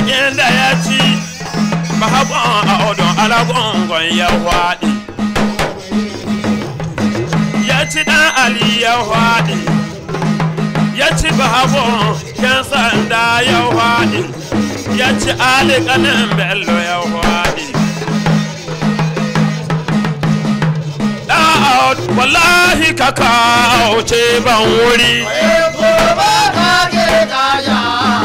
bakin da ya ci mahaƙon a odon alaƙon ya waɗi ya ci ɗan ali ya waɗi ya ci bahaƙon yan sanda ya waɗi ya ci alikanin bello ya waɗi wallahi ka kawo ce ban wuri. Ko ba ka ke kaya.